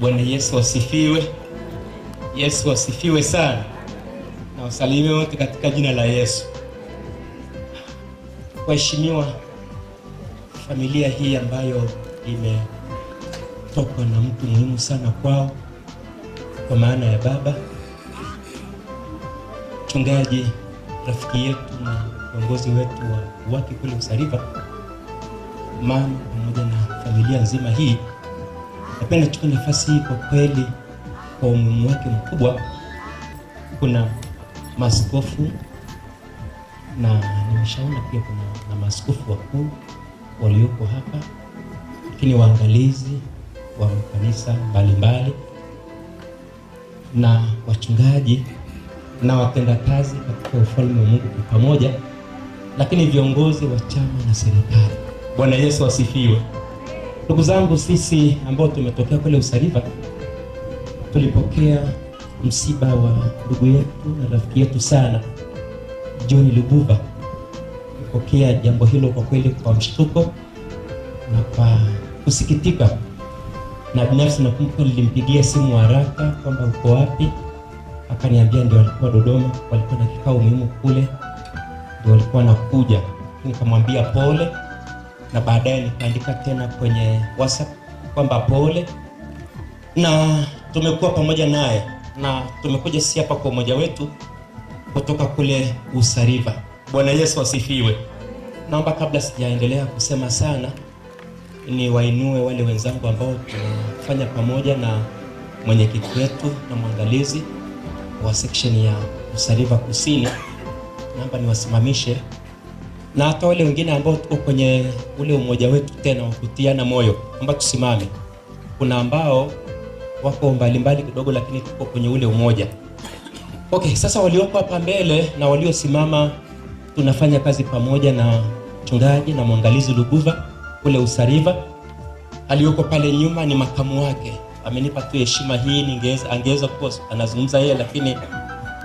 Bwana Yesu asifiwe. Yesu asifiwe sana, na wasalimie wote katika jina la Yesu. Waheshimiwa, familia hii ambayo imetokwa na mtu muhimu sana kwao, kwa maana ya baba mchungaji, rafiki yetu na viongozi wetu wa wake kule Usalima, mama pamoja na familia nzima hii Napenda kuchukua nafasi hii kwa kweli, kwa umuhimu wake mkubwa, kuna maskofu na nimeshaona pia kuna na maaskofu wakuu walioko hapa, lakini waangalizi wa makanisa mbalimbali na wachungaji na watendakazi katika ufalme wa Mungu kwa pamoja, lakini viongozi wa chama na serikali. Bwana Yesu asifiwe. Ndugu zangu, sisi ambao tumetokea kule Usariva tulipokea msiba wa ndugu yetu na rafiki yetu sana John Lubuva. Tulipokea jambo hilo kwa kweli kwa mshtuko na kwa kusikitika, na binafsi nakumbuka nilimpigia simu haraka kwamba uko wapi, akaniambia ndio alikuwa Dodoma, walikuwa na kikao muhimu kule, ndio walikuwa nakuja. Nikamwambia pole na baadaye nikaandika tena kwenye WhatsApp kwamba pole, na tumekuwa pamoja naye na tumekuja si hapa kwa umoja wetu kutoka kule Usariva. Bwana Yesu asifiwe. Naomba kabla sijaendelea kusema sana, ni wainue wale wenzangu ambao tunafanya pamoja na mwenyekiti wetu na mwangalizi wa section ya Usariva Kusini, naomba niwasimamishe na hata wale wengine ambao tuko kwenye ule umoja wetu tena wa kutiana moyo kwamba tusimame. Kuna ambao wako mbalimbali kidogo, lakini tuko kwenye ule umoja. Okay, sasa walioko hapa mbele na waliosimama tunafanya kazi pamoja na mchungaji na mwangalizi luguva kule Usariva. Aliyoko pale nyuma ni makamu wake, amenipa tu heshima hii, ningeweza angeweza kuwa anazungumza yeye, lakini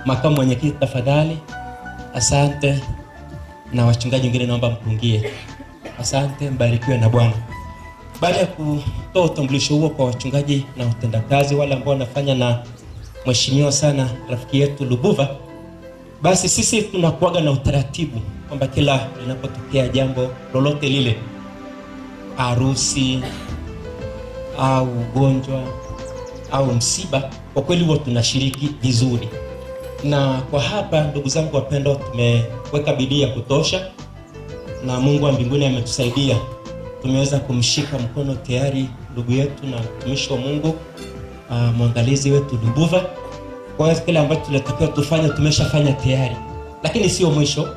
makamu mwenyekiti, tafadhali, asante na wachungaji wengine naomba mpungie. Asante, mbarikiwe na Bwana. Baada ya kutoa utambulisho huo kwa wachungaji na utendakazi wale ambao wanafanya na mheshimiwa sana rafiki yetu Lubuva, basi sisi tunakuaga na utaratibu kwamba kila linapotokea jambo lolote lile, harusi au ugonjwa au msiba, kwa kweli huwa tunashiriki vizuri na kwa hapa, ndugu zangu wapendwa, tumeweka bidii ya kutosha na Mungu wa mbinguni ametusaidia, tumeweza kumshika mkono tayari ndugu yetu na mtumishi wa Mungu uh, mwangalizi wetu Lubuva. Kwa hiyo kile ambacho tunatakiwa tufanye tumeshafanya tayari, lakini sio mwisho,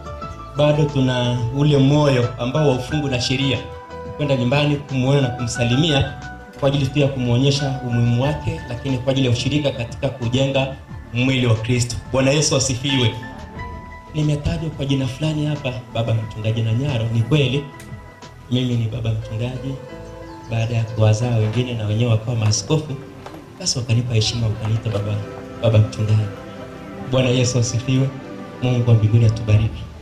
bado tuna ule moyo ambao wa ufungu na sheria, kwenda nyumbani kumuona na kumsalimia kwa ajili tu ya kumwonyesha umuhimu wake, lakini kwa ajili ya ushirika katika kujenga mwili wa Kristo. Bwana Yesu asifiwe. Nimetajwa kwa jina fulani hapa, baba mchungaji na Nyaro. Ni kweli mimi ni baba mchungaji, baada ya kuwazaa wengine na wenyewe wakawa maaskofu, basi wakanipa heshima, wakaniita baba, baba mchungaji. Bwana Yesu asifiwe. Mungu wa mbinguni atubariki.